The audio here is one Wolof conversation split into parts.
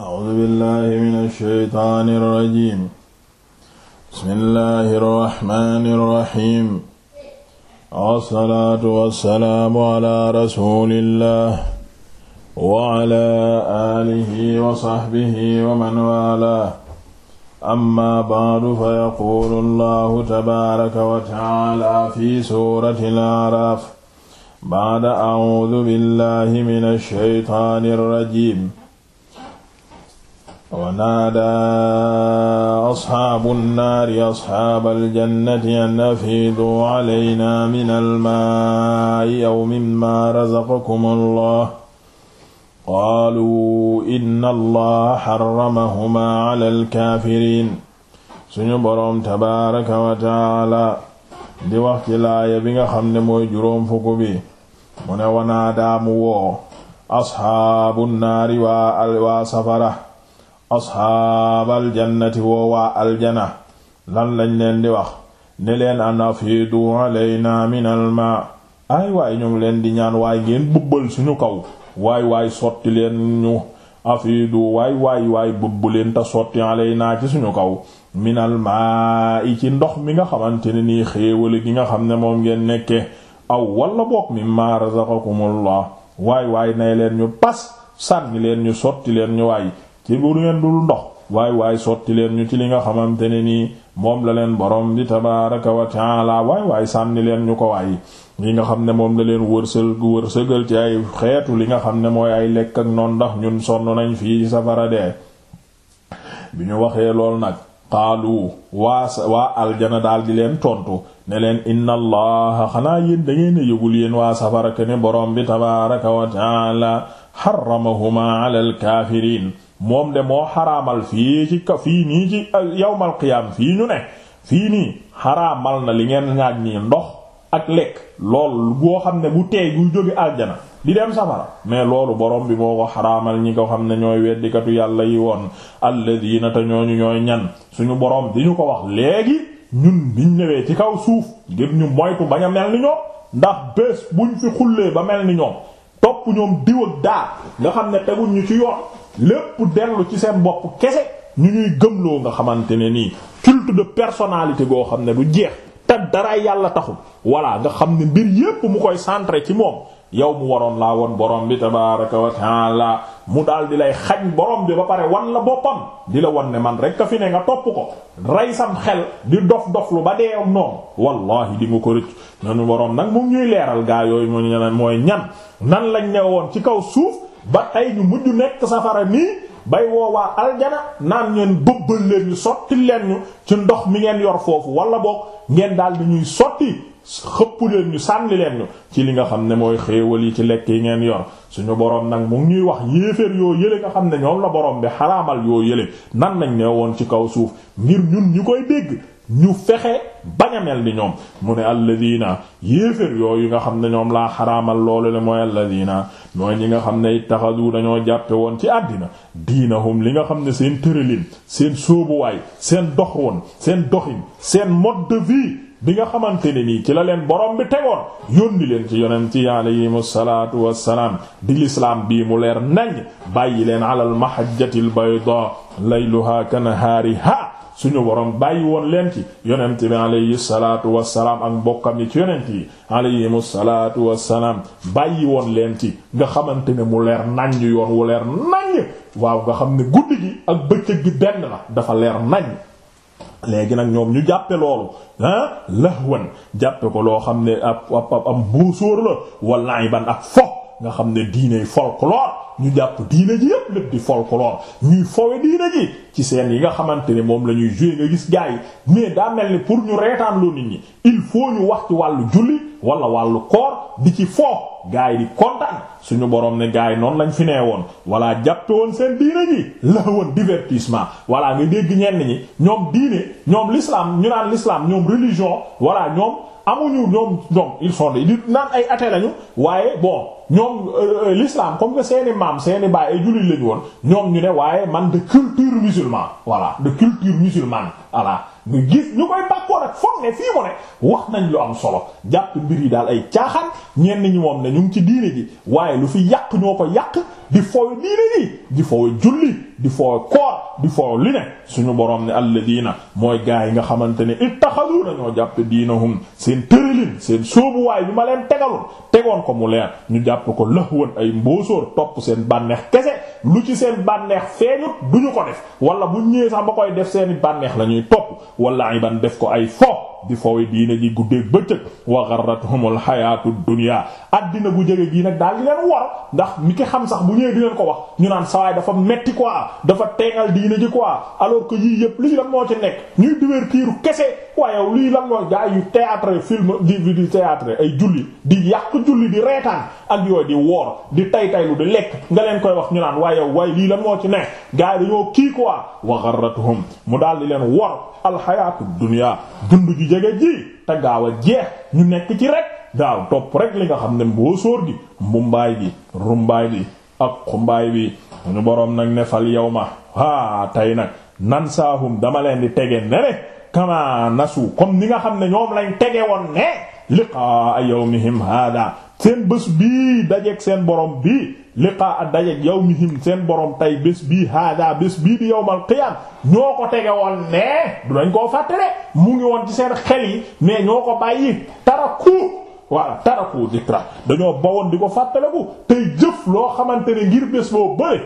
a'uuzu billahi mina shaytaani rajiim bismillahi rahmaani rahiim wassalaatu wassalaamu ala rasulillah wa ala alihi wa sahbihi wa man waalaahu amma ba'du fa yaquulu allahu tabaaraka wa ta'aala fi suuratil a'raaf ba'da a'uuzu billahi mina shaytaani rajiim wanaadaa asxaabu nnaari asxaabal jannati an afiidu calaynaa minal maa'i aw mimmaa razaqakum allah qaaluu inna allaha xaramahumaa calal kaafiriin suñu boroom tabaaraka wa taala di wax ci laaya bi nga xam ne mooy juróom fukk bi mu ne wanaadaa mu woo asxaabu nnaari waa safara asxaabal jannati woowaa aljana lan lañ leen di wax ne leen an afiidu alayna min almaa ay waay ñu leen di ñaan waay ngeen bëbbal suñu kaw waay waay sotti leen ñu afiidu waay waay waay bëbb leen te sotti alayna ci suñu kaw min almaa i ci ndox mi nga xamante ne nii xéewale gi nga xam ne moom ngeen nekke aw walla boog mimmaa razaqakumullah waay waay nay leen ñu pas sànni leen ñu sotti leen ñu waay ci bu ngeen dul ndox waay waay sotti leen ñu ci li nga xamante ne nii moom la leen borom bi tabaaraka wa taala waay waay sànni leen ñu ko waay li nga xam ne moom la leen wërsël wërsëgal ci ay xeetu li nga xam ne mooy ay lekk ak noon ndax ñun sonn nañ fii safara dee bi ñu waxee lool nag qaalu waa waa aljana daal leen tontu ne leen inna allaha xanaa yéen da ngeen yëgul yéen waa safara ke ne boroom bi tabaaraka wa taala xaramahuma ala alkaafiriin moom de moo xaraamal fii ci ka fii nii ci yawmal qiyaam fii ñu ne fii nii xaraamal na li ngeen ñaaj nii ndox ak lekk loolu boo xam ne bu teey buy jóge àjjana di dem safara mais loolu borom bi moo ko xaraamal ñi ko xam ne ñooy weddikatu yàlla yi woon alladina te ñooñu ñooy ñan suñu borom di ñu ko wax léegi ñun biñ ñëwee ci kaw suuf ngir ñu moytu ba a mel ni ñoom ndax bés buñ fi xullee ba mel ni ñoom topp ñoom diw ak nga xam ne teguñ ñu ci yoon lépp dellu ci seen bopp kese ñu ñuy gëmloo nga xamante ne nii culte de personnalité goo xam ne du jeex te dara ay yàlla taxul voilà nga xam ne mbir yépp mu koy centre ci moom yow mu waroon laa woon borom bi tabaraka wa taala mu daldi lay xañ borom bi ba pare wan la boppam di la wan ne man rek ka fi ne nga topp ko rey sam xel di dof dof lu ba dee ak noonu wallahi di mu ko rëcc nanu borom nag mu ngi ñuy leeral gaa yooyu mooy ñan nan lañ ne woon ci kaw suuf ba tey ñu mujj nekk safara nii bay woowaa aljana naan ngeen bëbbal leen ñu sotti leen ñu ci ndox mi ngeen yor foofu wala boog ngeen daal di ñuy sotti xëpp leen ñu sànni leen ñu ci li nga xam ne mooy xéewal yi ci lekk yi ngeen yor suñu boroom nag mu ngi ñuy wax yéeféer yoo yële nga xam ne ñoom la boroom bi xaraamal yoo yële nan nañ ne woon ci kaw suuf ngir ñun ñu koy dégg ñu fexe bañ bi ñoom mu ne alladina yéefér yooyu nga xam ne ñoom laa xaraamal loolu le mooy alladina mooy ñi nga xam ne ittaxadu dañoo jàppe woon ci àddina diinahum li nga xam ne seen tëralin seen sóobuwaay seen dox woon seen doxin seen mode de vie bi nga xamante ne nii ci la leen borom bi tegoon yónni leen ci yonent yi alayhimu salaatu wassalaam di lislaam bii mu leer nañ bàyyi leen alal mahajjatil bayda layluha kanahaariha suñu borom bàyyi woon leen ci yonent bi alayhi salaatu wassalaam ak mbokkam yi ci yonent yi alayhimu salaatu wassalaam bàyyi woon leen ci nga xamante ne mu leer naññ yoon wu leer naññ waaw nga xam ne guddi gi ak bëccëg gi benn la dafa leer naññ léegi nag ñoom ñu jàppe loolu ah lahwan jàppe ko loo xam ne ab ab ab mbuusóor la walla iban ak fo nga xam ne diine folklore ñu jàpp diine ji yépp lépp di folklore ñuy fowe diine ji ci seen yi nga xamante ne moom la ñuy jouer nga gis gars yi mais daa mel ni pour ñu reetaan loo nit ñi il faut ñu wax ci wàllu julli wala wàllu koor di ci foo gaay di kontaan suñu borom ne gaay noonu lañ fi nee woon wala jàppe woon seen diine ji la woon divertissement wala nga dégg ñenn ñi ñoom diine ñoom l'islam ñu naan l'islam ñoom religion wala ñoom amuñu ñoom il ils sont di naan ay athées lañu waaye bon ñoom euh, euh, l'islam comme que seeni maam seeni baay ay jullit lañu woon ñoom ñu ne waaye man de culture musulmane voilà de culture musulmane voilà nga gis ñu koy bàkkoo nag foog ne fii mu ne wax nañ lu am solo jàpp mbir yi daal ay caaxaan ñenn ñi moom ne ci diine ji waaye lu fi yàq ñoo ko yàq di foowe diine ji di foowe julli di foo koor di foo li ne suñu borom ne alladina mooy gaa yi nga xamante ne ittaxadu nañoo jàpp diinahum seen tëralin seen sóobuwaay bi ma leen tegaloon tegoon ko mu leer ñu jàpp ko lahwan ay mbóosóor topp seen bànneex kese lu ci seen bànneex feeñut duñu ko def wala bu ñëwee sax ba koy def seeni bànneex la ñuy topp wala ay def ko ay fo di foowe diine ji guddeeg bëccëg wa gharratuhumul hayatud dunya addina bu jege gii nag daal di leen war ndax mi ki xam sax bu ñëwee di leen ko wax ñu naan sawaay dafa metti quoi dafa teengal diine ji quoi alors que yii yëpp lii lan moo ci nekk ñuy divertir kese waaye lii lan moo gaa yu théâtre film di di théâtre ay julli di yàq julli di reetaan ak yooyu di woor di tay taylu di lekk nga koy wax ñu naan waaye waaye lii la moo ci nekk gaa yi dañoo kii quoi wa gharratuhum mu daal di leen war al hayatud dunya jege ji te gaaw a jeex ñu nekk ci rek gaaw topp rek li nga xam ne mboo sóor gi mbumbaay gi rumbaay bi ak xumbaay bi ñu boroom nag ne yow ma waa tey nag nan saahum dama leen di tege nene kama nasu comme ni nga xam ne ñoom lañ tege woon ne liqaa yawmihim hada seen bés bii dajeeg seen borom bii liqaa a yow yawmihim seen borom tey bés bii hada bés bii di yawmal qiyam ñoo ko tege woon ne du dañ koo fàttale mu ngi woon ci seen xel yi mais ñoo ko bàyyi taraku waaw taraku zikra dañoo bawoon di ko fàttaleku tey jëf loo xamante ne ngir bés boo bëre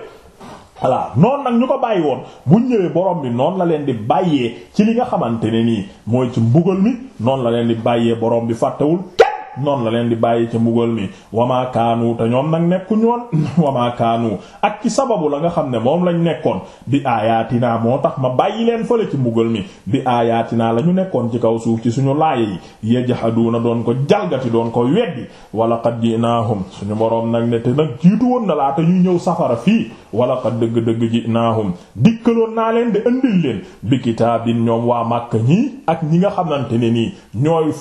voilà noonu nag ñu ko bàyyi woon bu ñëwee borom bi noonu la leen di bàyyee ci li nga xamante ne nii mooy ci mbugal mi noonu la leen di bàyyee borom bi fàttewul. noonu la leen di bàyyi ca mbugal mi wamaa kaanu te ñoom nag nekku ñoon wamaa kaanu ak ci sababu la nga xam ne moom lañ nekkoon bi aayaatinaa moo tax ma bàyyi leen fële ci mbugal mi bi aayaatinaa la ñu nekkoon ci kaw suuf ci suñu laaye yi na doon ko jalgati doon ko weddi wala qad ji'naahum suñu boroom nag ne te nag jiitu woon na laata ñuy ñëw safara fii wala qad dëgg-dëgg ji'naahum dikkaloon naa leen di andil leen bi kitaabin ñoom waa Màkka ñii ak ñi nga xamante ne nii ñooy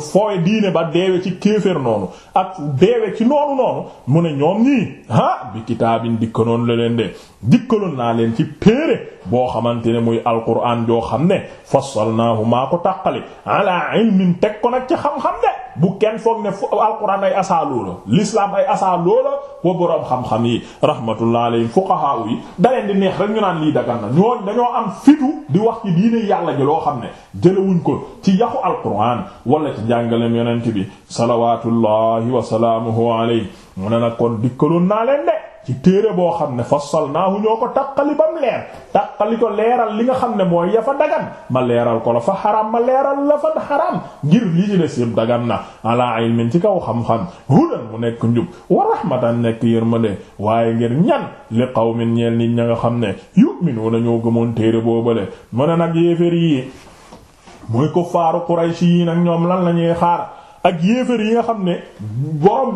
fooy diine ci kéeféer noonu ak beewe ci noonu noonu mu ne ñoom ñii ah bi kitaabin dikkanoon la leen de dikkaloon naa leen ci péere boo xamante ne muy alquran joo xam ne fassalnaahu maa ko tàqali ala ilmin teg ko nag ci xam-xam de bu kenn foog ne fu alquran ay asaaloo la l'islam ay asaaloo la wa borom xam-xam yi rahmatullah alayhim fuqaha yi da leen di neex rek ñu naan lii dagan na ñooñu dañoo am fitu di wax ci diine yàlla ji loo xam ne jëlewuñ ko ci yaxu alquran wala ci njàngaleem yonent bi salawaatullahi wa salaamuhu alayhi mu ne nag kon dikkaloon naa leen de. ci téere boo xam ne fassalnaahu ñoo ko taqali bam leer taqali ko leeral li nga xam ne mooy ya dagan ma leeral ko la fa xaram ma leeral la fa xaram ngir li ci des yëpp dagan na ala ilmin ci kaw xam-xam hudan mu nekk njub wa rahmatan nekk yërmande waaye ngir ñan li qawmin ñeel nit ña nga xam ne yu'minuuna ñoo gëmoon téere boobale mu ne nag yéefér yi muy ko faaru Quraysh yi nag ñoom lan lañuy xaar ak yéefér yi nga xam ne borom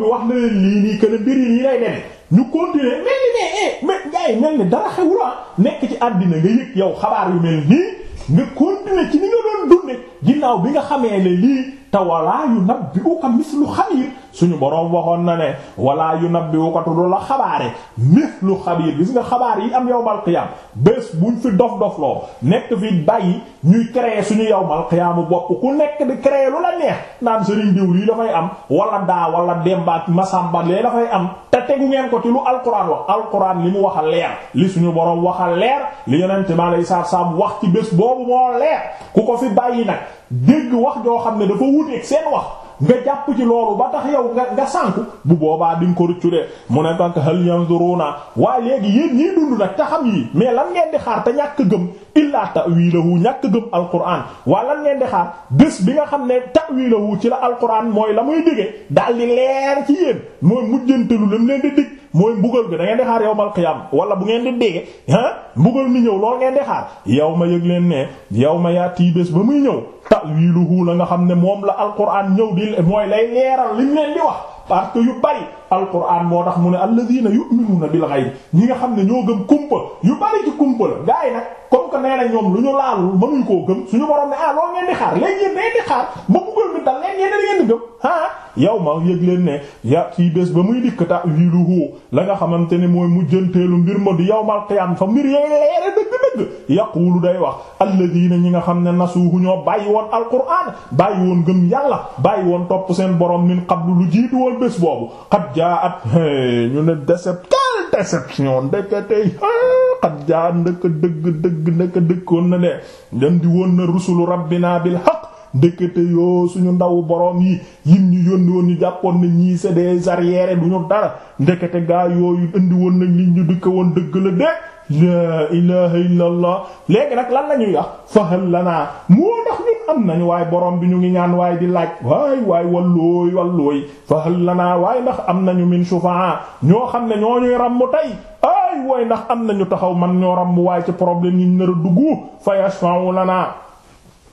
ñu continuer mel ni mais eh mais mel ni dara xewul ah nekk ci addina nga yëg yow xabaar yu mel nii nga continuer ci ni nga doon dunde ginnaaw bi nga xamee ne lii te walaa yu nabbi'uka mislu xabiir suñu boroom waxoon na ne walaa yu nabbi'uka te du la xabaare mislu gis nga xabaar yi am yawmal qiyaam bés buñ fi dof loo nekk bàyyi ñuy créer suñu yawmal qiyaamu bopp ku nekk di lu la neex naan sëriñ diw lii dafay am wala daa wala demba ak masamba lee dafay am te tegu ngeen ko ci lu alquran wax alquran li mu wax a leer li suñu boroom wax a leer li yonente a lay saar saam wax ci bés boobu moo leer ku ko fi bàyyi nag dégg wax joo xam ne dafa wuteeg seen wax nga jàpp ci loolu ba tax yow nga nga sànku bu boobaa di nga ko rëccu de mu ne donc hal naa waa léegi yéen ñii dund nag te xam yi mais lan ngeen di xaar te ñàkk gëm illaa wu ñàkk gëm alquran waaye lan ngeen di xaar bés bi nga xam ne ta wu ci la alquran mooy la muy déggee daal di leer ci yéen mooy mujjante lu leen di dégg. mooy mbugal bi da ngeen di xaar yawmal qiyaam wala bu ngeen di dégg ah mbugal mi ñëw lool ngeen di xaar yow ma yëg leen ne yow ma yaa yi bés ba muy ñëw ta'wiluhu la nga xam ne moom la alquran ñëw di mooy lay leeral ñu leen di wax parce que yu bari alquran moo tax mu ne alladhina yu'minuna bil ghayb ñi nga xam ne ñoo gëm kumpa yu bari ci kumpa la gaay nag comme que nee na ñoom lu ñu laal mënuñ koo gëm suñu borom ne ah loolu ngeen di xaar a yow ma yëg leen ne ya kii bés ba muy dikk ta'wiluhu la nga xamante ne mooy mu mujjanteelu mbir ma di yawmal qiyaam fa mbir yee leere dëgg-dëgg yaquulu day wax alladina ñi nga xam ne nasuuhu ñoo bàyyi woon alquraan bàyyi woon gëm yàlla bàyyi woon topp seen boroom min qablu lu jiitu woon bés boobu at jaa'at ñu ne déception déception ndeketey qad jaa'at ndëkk dëgg dëgg ndëkk dëkkoon na de dem di woon na rusulu rabbina bil ndekete yoo suñu ndawu borom yi yim ñu yónni woon ñu jàppoon na ñii c'est des arriérés du ñu dara ndekete gaa yooyu indi woon nañ liñ ñu dëkk woon dëgg la de laa ilaha illa allah nag lan la ñuy wax fahal lanaa moo tax ñun am nañ waaye borom bi ñu ngi ñaan waaye di laaj waay waay wallooy wallooy fahal lanaa waaye ndax am nañu min shufaa ñoo xam ne ñoo ñuy ràmm tey ay waay ndax am nañu taxaw man ñoo ràmm waaye ci problème yi ñu nar a dugg fa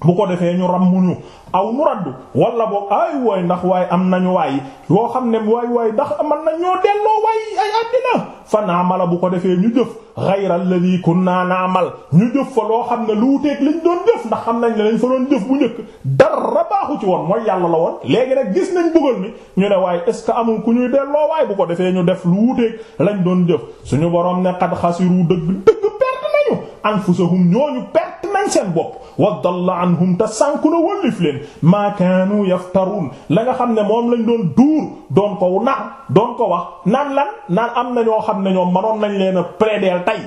bu ko defee ñu ram muñu aw nu raddu wala boog ay waay ndax waay am nañu waay loo xam ne waay waay ndax mën nañ ñoo delloo waay ay àddina fa bu ko defee ñu jëf ghayra alladhi kunna naamal ñu jëf fa loo xam ne lu wuteek liñ doon jëf ndax xam nañ ne lañ fa doon jëf bu njëkk dara ci woon mooy yàlla léegi nag gis nañ bëggal ni ñu ne waaye est-ce que amul ku ñuy delloo waay bu ko defee ñu def lu lañ doon jëf suñu borom ne qad xasiru dëgg dëgg perte nañu anfusahum ñooñu perte nañ seen bopp wa dalla anhum te sànku na wëllif leen maa kaanu yaftaruun la nga xam ne moom lañ doon duur doon ko naan doon ko wax naan lan naan am na ñoo xam ne ñoom manoon nañ leen a prédeel tey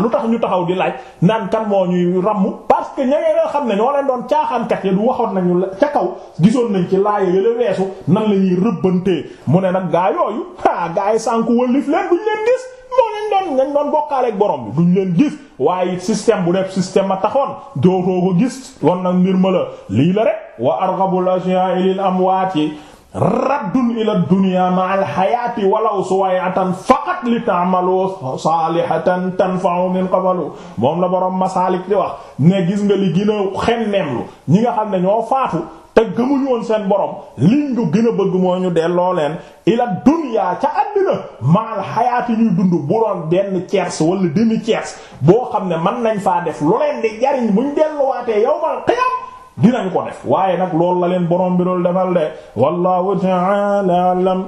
lu tax ñu taxaw di laaj naan kan moo ñuy ràmm parce que ña nga xam ne ñoo leen doon caaxaankat ya du waxoon nañu ca kaw gisoon nañ ci laaya yële weesu nan la ñuy rëbbantee mu ne nag gaa yooyu gaa yi sànku wëllif leen duñ leen gis ñañ doon ñañ borom bi duñ leen gis waaye système bu def système ma taxoon dootoo ko gis won nag mbir ma la lii la rek wa arghabul ashiya'i lil amwaati raddun ila dunya ma alxayaati walaw suwayatan faqat li ta'malu salihatan tanfa'u min qablu moom la boroom masaalik di wax ne gis nga li gën a xenneemlu ñi nga xam ne ñoo faatu te gëmuñu woon seen borom liñ du gën a bëgg moo ñu delloo leen ila dunya ca àddina ma xayaati ñuy dund bu doon benn tiers wala demi tiers boo xam ne man nañ faa def lu leen di jariñ buñ delluwaatee yawmal qiyam dinañ ko def waaye nag loolu la leen borom bi dool defal de wallahu ta'ala alam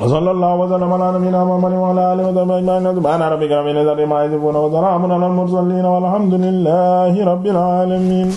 wa sallallahu wa sallama ala nabiyyina muhammadin wa ala alihi wa sahbihi ajma'in subhana rabbika rabbil izzati amma yasifun wa salamun ala al mursalin walhamdulillahi rabbil alamin